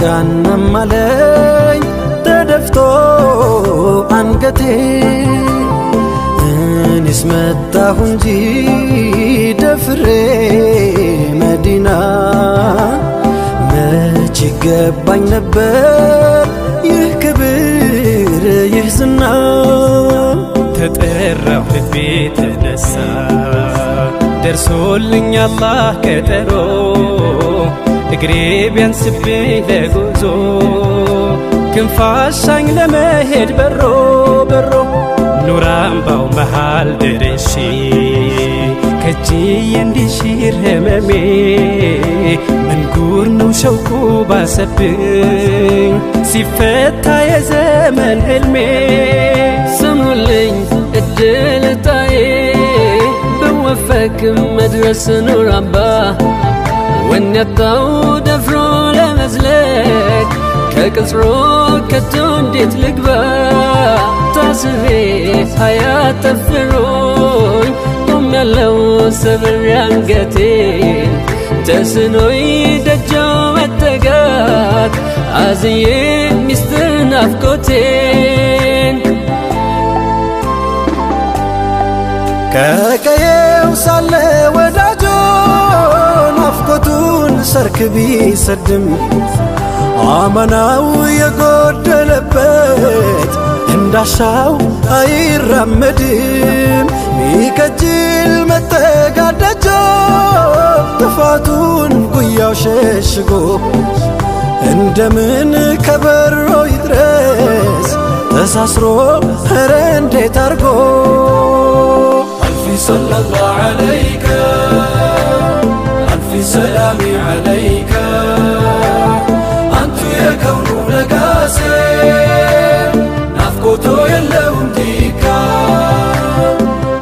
ገሃነም አለኝ ተደፍቶ አንገቴ እኔስ መጣሁ እንጂ ደፍሬ መዲና መች ይገባኝ ነበር ይህ ክብር ይህ ዝና ተጠራሁ ልቤ ተነሳ ደርሶልኝ አላህ ቀጠሮ قريب ينسبي لقوزو كن فاشان لما هيد برو برو نوران باو محال درشي كجي اندي شير همامي من قور نو شوكو سبين سفتا يا زمن حلمي سمولين الدلتاي بوفاك مدرس نوران باو ወኔ ያጣው ደፍሮ ለመዝለቅ ከቅጽሮ ከቶ እንዴት ልግባ ታስቤ ሀያት ጠፍሮኝ ያለው ሰብሬ አንገቴን ተስኖይ ደጆ መጠጋት አዝዬ ሚስትር ናፍቆቴን ከቀየው ሳለ ሰርክ ቢሰድም አመናው የጎደለበት እንዳሻው አይራመድም። ሚከጅል መጠጋት ደጆ ጥፋቱን ጉያው ሸሽጎ እንደምን ከበሮ ይድረስ ተሳስሮ ኧረ እንዴት አርጎ አልፊ ሰለላ ዐለይከ ሰላሚ ዓለይከ አንቱ የከውኑ ነጋሴ ናፍቆቶ የለውም ዲካ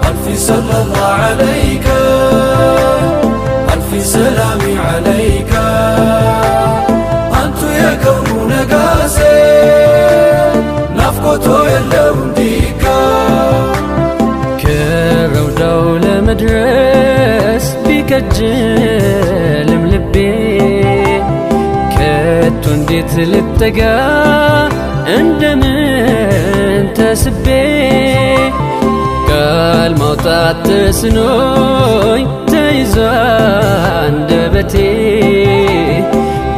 አልፊ ሰለላ ዓለይከ አልፊ ሰላሚ ዓለይከ አንቱ የከውኑ ነጋሴ ናፍቆቶ የለውም ዲካ ከረውዳው ለመድረስ ቢከጅ እንዴት ልጠጋ እንደምን ተስቤ ቃል ማውጣት ተስኖኝ ተይዟ አንደበቴ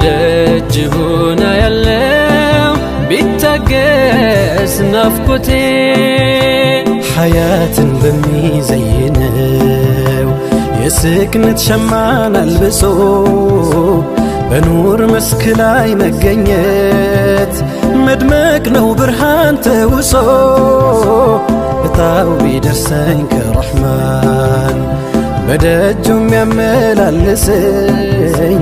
ደጅ ሆና ያለው ቢታገስ ናፍቆቴ ሐያትን በሚዘይነው የስክነት ሸማን አልብሶ በኑር መስክ ላይ መገኘት መድመቅ ነው ብርሃን ተውሶ እጣው ቢደርሰኝ ከረሕማን በደጁ የሚያመላልሰኝ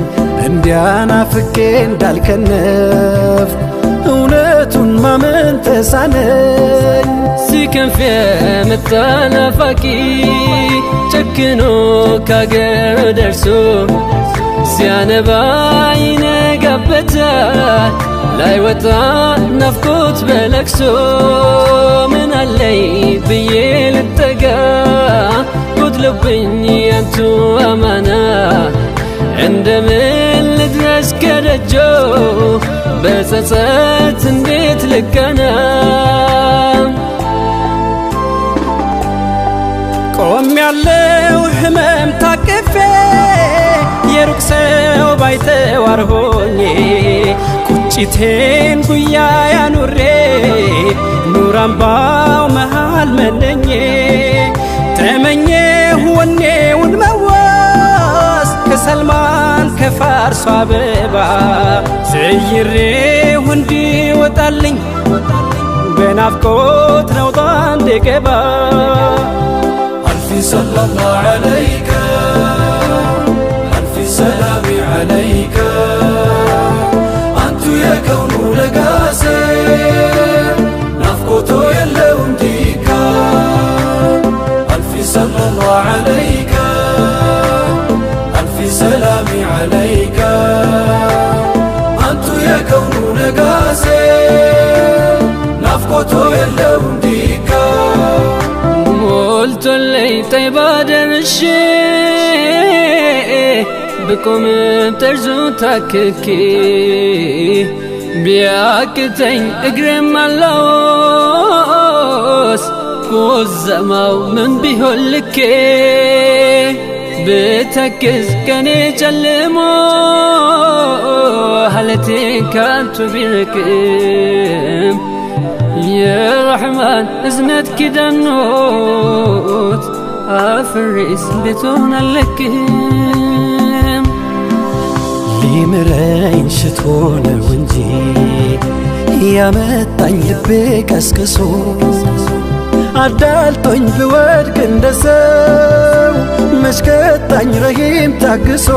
እንዲያና ፍቄ እንዳልከነፍ እውነቱን ማመን ተሳነኝ ሲከንፍ የመጣ ናፋቂ ጨክኖ ካገር ደርሶ ሲያነባ ይነጋበታል ላይወጣ ናፍቆት በለቅሶ ምን አለይ ብዬ ልጠጋ ጎድሎብኝ ያንቱ አማና እንደምን ልድረስ ከደጆ በጸጸት እንዴት ልቀና ቆም ያለው ህመም ታቅፌ የሩቅ ሰው ባይተዋር ሆኜ ቁጭቴን ጉያ ያኑሬ ኑር አምባው መሃል መለኜ ተመኘሁ ወኔውን መዋስ ከሰልማ ከፋርሷ አበባ ዘይሬው እንዲወጣልኝ በናፍቆት ነው ነውጣ ገባ አልፊ ሰላላ ዓለይከ አልፊ ሰላሚ ዓለይከ تيباد الشيء بكم ترزو تاككي تين اقرم اللوس ماو من بيهلكي بتكز كني جلمو حالتي كانت بيركم يا رحمن ازنت النوت አፍሬስ እንድትሆን አለቅም ሊምረኝ ሽቶ ነው እንጂ ያመጣኝ ልቤ ቀስቅሶ አዳልጦኝ ብወድቅ እንደ ሰው መሽከጣኝ ረሂም ታግሶ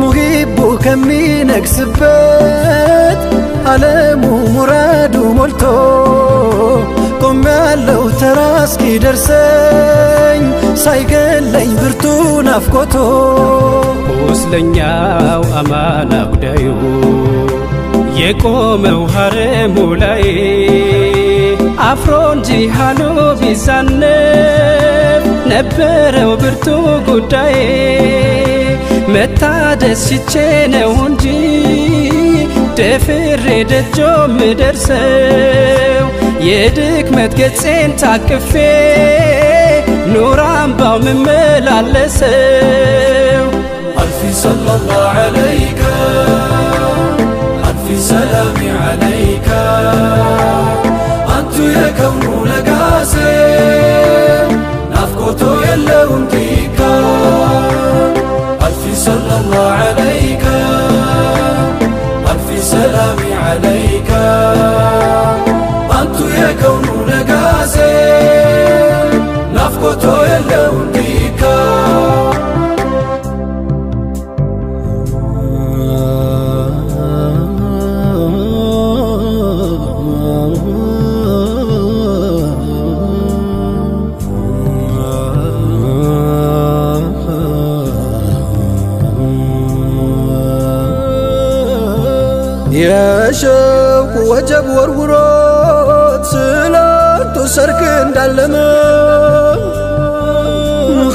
ሙሂቡ ከሚነግስበት ዓለሙ ሙራዱ ሞልቶ ቆም ያለው ተራ እስኪደርሰኝ ሳይገለኝ ብርቱ ናፍቆቶ ቁስለኛው አማና ጉዳዩ የቆመው ሐረሙ ላይ አፍሮ እንጂ ሃሎ ቢዛነብ ነበረው ብርቱ ጉዳዬ መታደስ ሽቼ ነው እንጂ ደፍሬ ደጆ ምደርሰው የድክመት ገፄን ታቅፌ ኑር አምባው ምመላለሰው አልፊ ሰለላሁ ዐለይከ አልፊ ሰላሚ ዐለይከ አንቱ የከውኑ ነጋሴ ናፍቆቶ የለውንኪ شوق وجب ورورات سلاتو سركن دلما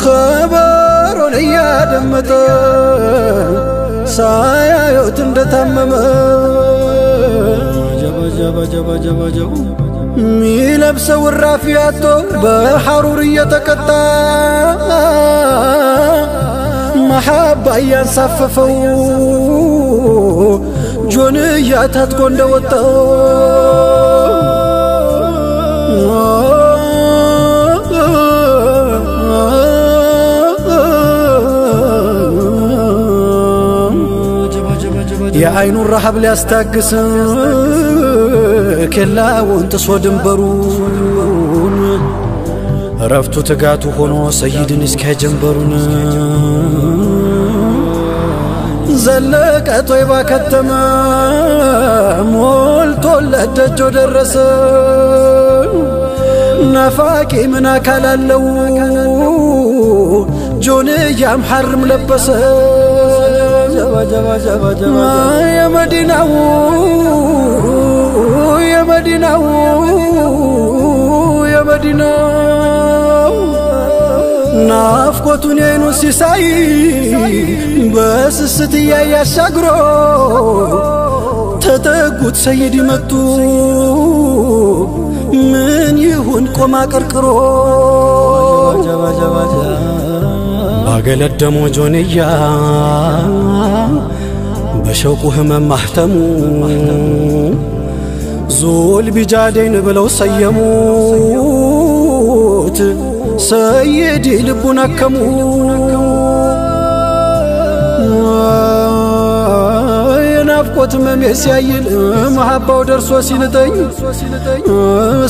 خبر ليا دمتا سايا يوتند تمما جب جب جب جبا جبا ميلب سور رافياتو بحرورية تكتا محبة ينصففو ጆንያ ታጥቆ እንደወጣው የአይኑን ረሃብ ሊያስታግስ ኬላውን ጥሶ ድንበሩን እረፍቱ ትጋቱ ሆኖ ሰይድን እስኪያ ዘለቀት ወይ ባከተመ ሞልቶለት ደጆ ደረሰ ናፋቂ ምን አካል አለው ጆንያም ሐርም ለበሰ የመዲናው የመዲናው የመዲናው ናፍቆቱን የኑ ሲሳይ በስስት እያየ አሻግሮ ተጠጉት ሰይድ መጡ ምን ይሁን ቆማ ቀርቅሮ ባገለደሞ ጆንያ በሸውቁ ህመም ማህተሙ ዞል ቢጃደይን ብለው ሰየሙት ሰይድ ልቡን አከሙ የናፍቆት መሜ ሲያይል መሐባው ደርሶ ሲልጠኝ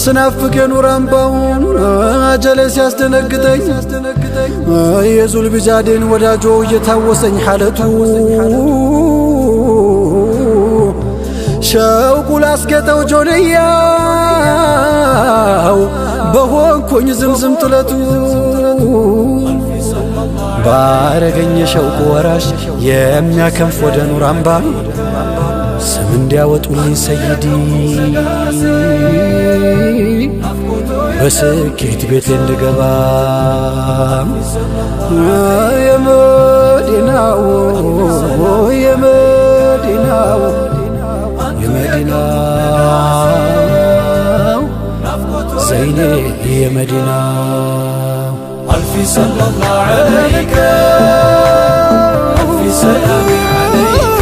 ስናፍቅ የኑር አምባውን አጀለ ሲያስደነግጠኝ የዙል ቢጃዴን ወዳጆ እየታወሰኝ ሐለቱ ሸውቁ ላስጌጠው ጆንያው በሆንኩኝ ዝምዝም ጥለቱ ባረገኝ የሸውቁ ወራሽ የሚያከንፍ ወደ ኑር አምባ ስም እንዲያወጡልኝ ሰይዲ በስኬት ቤት እንድገባ የመዲናው የመዲናው የመዲናው إليه هي مدينة الفي صلى الله عليك الفي سلام عليك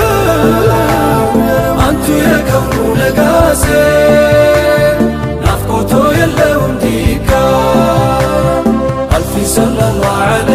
أنت يا كون قاسم نفقته يلا ومديك الفي صلى الله عليك